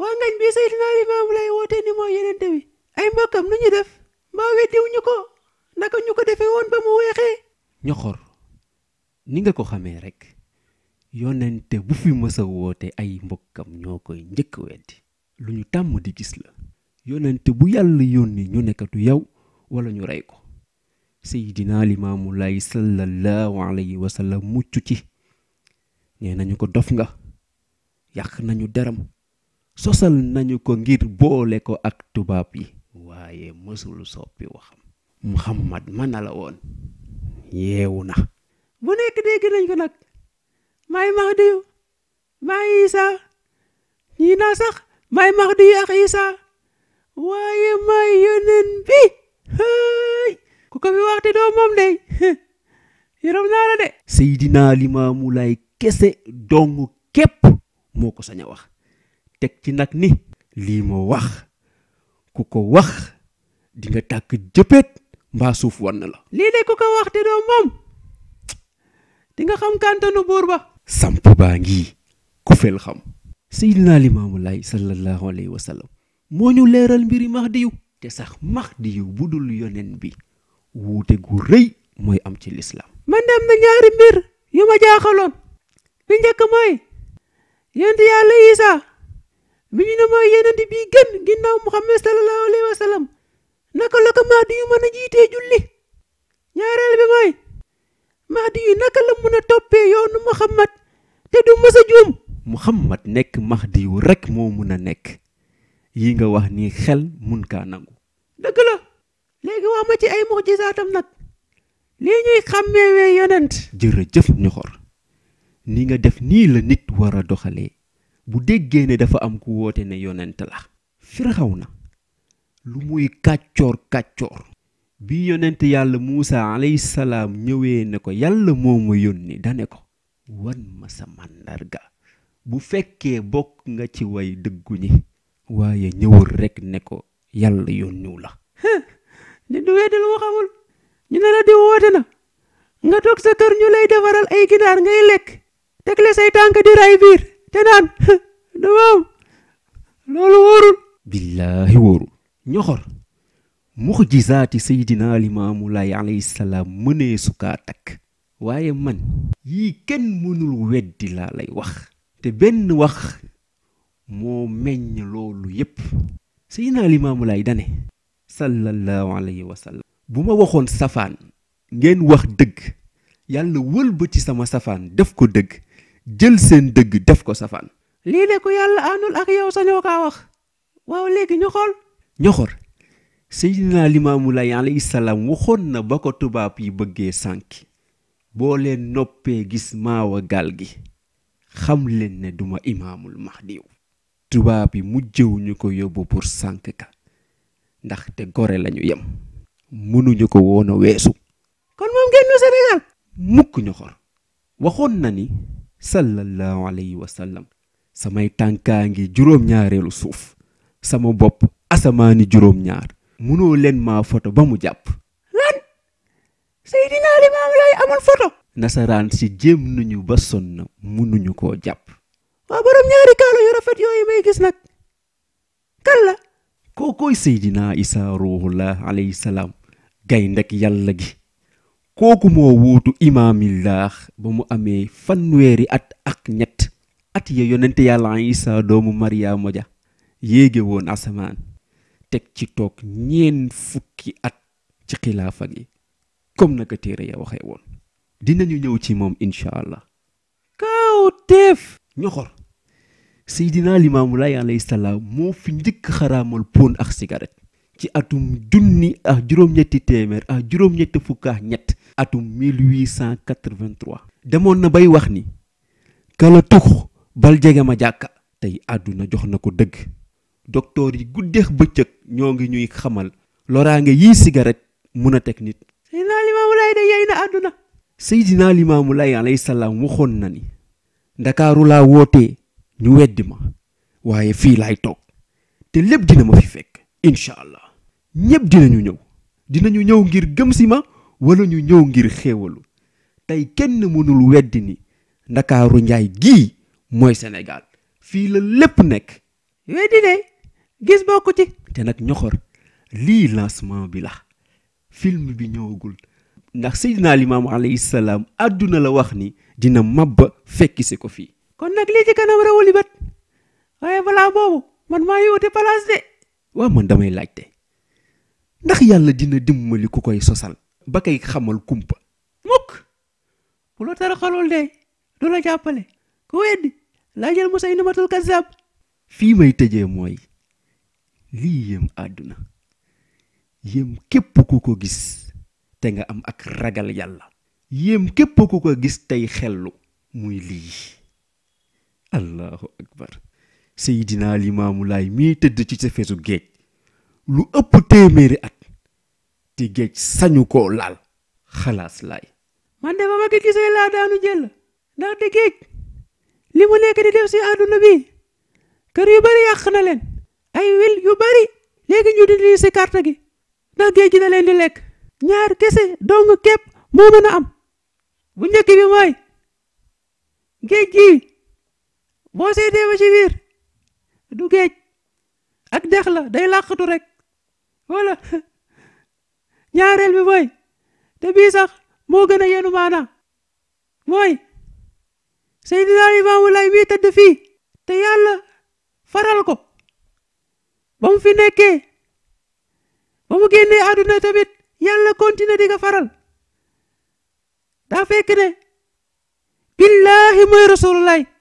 waa nañ bi Seydina Limaamu Laay ni mooy yenente bi ay mbokkam nu ñu def mbaa weddiw ñu ko naka ñu ko defee woon ba mu weexee ñoxor ni nga ko xamee rekk yonente bu fi mës a woote ay mbokkam ñoo koy njëkk weddi lu ñu tàmm di gis la yonente bu yàlla yónni ñu nekkatu yow walla ñu rey ko Seydina Limaamu Laay sallallahu alayhi wa sallam mucc ci nee nañu ko dof nga yàq nañu deram sosal nañu ko ngir boole ko ak tubaab yi waaye mësul soppi waxam muhammad na la woon yeewu na bu nekk dégg nañ ko nag maay Mahdiyu maay Isa ñii naa sax maay Mahdiyu ak Isa waaye maay yoneen bi ku ko fi waxte doo moom dey yërëm naa la de Seydina Limaamu Laay kese dong képp moo ko sañ a wax tek ci nak ni li mo wax ku ko wax di nga tak jepet mba suuf won la li de ku ko wax te do mom di nga xam nu buur ba samp ba ngi ku fel xam sayyidina limam lay sallallahu alayhi wa sallam ñu leral mbiri mahdiyu te sax mahdiyu yu budul yonen bi wute gu reey moy am ci l'islam man dem na ñaari mbir yu jaxalon bi ñeek moy yent yalla isa mi ñu ne mooy yenent bii gën ginnaaw Muhammad sallallahu alayhi wa naka la ko mahdi yu mën a jiitee julli ñaareel bi mooy mahdi yu naka la mën a toppee yoonu Muhammad te du mës a juum Muhammad nekk mahdi yu rek moo mën a nekk yi nga wax nii xel mun kaa nangu dëgg la léegi wax ma ci ay muxjisaatam nag lii ñuy xàmmeewee yonent jërëjëf ñoxor ni nga def nii la nit war a doxalee bu déggee ne dafa am ku woote ne yonent la Firawna lu muy kàccoor kàccoor bi yonent yàlla Muusa alayhi salaam ñëwee ne ko yàlla moo ma yónni dane ko wan ma sa màndarga bu fekkee bokk nga ci way dëggu ñi waaye ñëwul rekk ne ko yàlla yónniwu la ne du weddal wu xamul ñu ne la di woote na nga toog sa kër ñu lay defaral ay ginaar ngay lekk tegle say tànk di ray biir te naan damaam loolu wóorul billaahi wóorul ñoxor muxjizaati seydina limaamu laay mënee sukaa waaye man yi kenn mënul weddi laa lay wax te benn wax moo meññ loolu yépp seydina limaamu laay dane sallallahu alayhi wa bu ma waxoon safaan ngeen wax dëgg yàlla wëlbati sama safaan def ko dëgg jël seen dëgg def ko safaan lii de ko yàlla àndul ak yow sañoo kaa wax waaw léegi ñu xool ñoxor Seydina Limaamu Laay salaam waxoon na ba ko tubaab yi bëggee sànk boo leen noppee gis maawa gaal gi xam leen ne duma imaamul mahdiw tubaab yi mujjewuñu ko yóbbu pour sànk ka ndaxte gore lañu yem mënuñu ko woon weesu kon moom génnu Sénégal mukk ñoxor waxoon na ni sallallahu alayhi wa sallam samay tànkaa ngi juróom-ñaareelu suuf sama bopp asamaani juróom-ñaar munoo leen maa foto ba mu jàpp lan Seydina Limaam Laay amoon foto nasaraan si jéem nañu ba sonn munuñu koo jàpp waa borom ñaari kaalo yu rafet yooyu may gis nag kan la kookooy Seydina Isa ruuhullah alayhi salaam gaynde ak yàlla gi kooku moo wuutu imaamillah ba mu amee fanweeri at ak ñett at ya yonente yàlla isa doomu mariyaama ja yéege woon asamaan teg ci toog ñeen fukki at ci xilaafa gi comme naka téere ya waxee woon dinañu ñëw ci moom incha allah kaaw teef ñoxor seydinaa limaamu laay alayhi salaam moo fi njëkk xaraamal poon ak sigaret ci atum junni ak juróom-ñetti téeméer ak juróom-ñetti fukk demoon na bay wax ni kala tux bal jege ma jàkka tey àdduna jox na ko dëgg docteur yi guddeex bëccëg ñoo ngi ñuy xamal loraange yii cigarette mun a teg nit Seydina Limaamu Laay de yey na àdduna Limaamu Laay alayhi waxoon na ni ndakaaru laa wootee ñu weddi ma waaye fii laay toog te lépp dina ma fi fekk incha ñépp dinañu ñëw dinañu ñëw ngir gëm si ma wala ñu ñëw ngir xéewalu tey kenn mënul weddi ni ndakaaru njaay gii mooy senegal fii la lépp nekk weddi ne gis bokku ci te nag ñoxor lii lancement bi la film bi ñëwagul ndax Seydina Limaamu alayhi salaam àdduna la wax ni dina mabba fekki si ko fii kon nag lii ci kanam rawali bat waaye balaa boobu man maa yóote palaas de waaw man damay laajte ndax yàlla dina dimbali ku koy sosal ba kay xamal kumpa mukk bu la tara xalul de la jàppale ku weddi laajal Musa inamatul kazzab fii may tëjee mooy lii yéem àdduna yéem képp ku ko gis te nga am ak ragal yàlla yéem képp ku ko gis tey xellu muy lii allahu akbar seydinaa laay mii tëdd ci sa feesu géej lu ëpp téeméeri at ti géej sañu koo laal xalaas laay man de ba gisee laa daanu jël ndax te géej li mu nekk di def si àdduna bi kër yu bari yàq na leen ay wil yu bari léegi ñu di lii gi ndax géej gi da leen di lekk ñaar kese dong képp moo mën a am bu njëkk bi mooy géej gi boo seetee ba ci biir du géej ak dex la day làqatu rek wala ñaareel bi mooy te bii sax moo gën a yenu maana mooy Seydina Limaamu Laay mii tëdd fii te yàlla faral ko ba mu fi nekkee ba mu génnee àdduna tamit yàlla continuer di faral daa fekk ne billaahi mooy